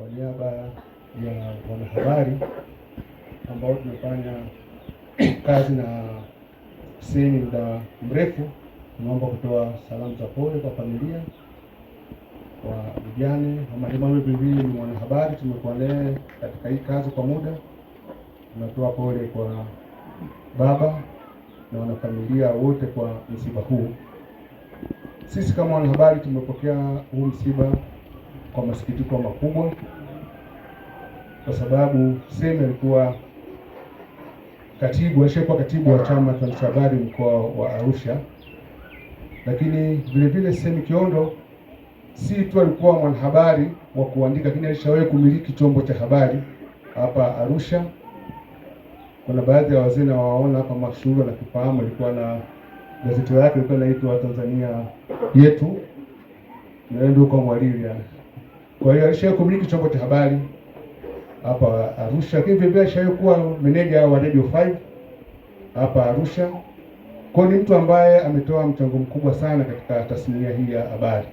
kwa niaba ya wanahabari ambao tumefanya kazi na seni muda mrefu, tunaomba kutoa salamu za pole kwa familia, kwa vijane amadimame viwili ni wanahabari, tumekuwa naye katika hii kazi kwa muda. Tunatoa pole kwa baba na wanafamilia wote kwa msiba huu. Sisi kama wanahabari tumepokea huu msiba kwa masikitiko makubwa, kwa sababu Seme alikuwa katibu, alishakuwa katibu wa chama cha Mshabari mkoa wa Arusha, lakini vile vile Seme Kiondo si tu alikuwa mwanahabari wa kuandika, lakini alishawahi kumiliki chombo cha habari hapa Arusha. Kuna baadhi ya wazee nawaona hapa, mashuhuri na kifahamu, alikuwa na gazeti lake, ilikuwa inaitwa Tanzania Yetu, ndio kwa Mwalilia kwa hiyo alishawahi kumiliki chombo cha habari hapa Arusha, lakini vile vile alishawahi kuwa meneja wa Radio 5 hapa Arusha. Kwa ni mtu ambaye ametoa mchango mkubwa sana katika tasnia hii ya habari.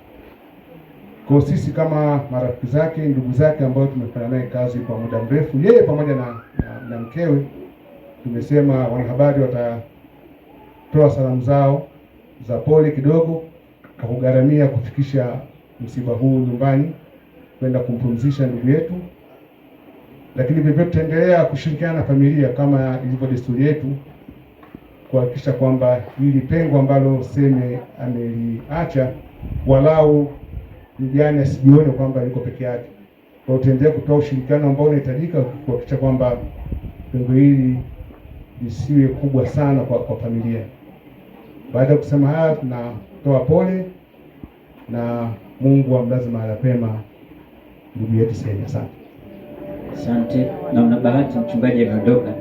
Kwa sisi kama marafiki zake, ndugu zake ambao tumefanya naye kazi kwa muda mrefu, yeye pamoja na, na, na mkewe, tumesema wanahabari watatoa salamu zao za pole kidogo kwa kugharamia kufikisha msiba huu nyumbani kwenda kumpumzisha ndugu yetu, lakini vivyo tutaendelea kushirikiana na familia kama ilivyo desturi yetu kuhakikisha kwamba hili pengo ambalo Seme ameliacha walau mjane asijione kwamba yuko peke yake. Kwa hiyo tutaendelea kutoa ushirikiano ambao unahitajika kuhakikisha kwamba pengo hili lisiwe kubwa sana kwa, kwa familia. Baada ya kusema haya, tunatoa pole na Mungu amlaze mahali pema ndugu yetu Said. Asante, asante. Naona bahati mchungaji ameondoka.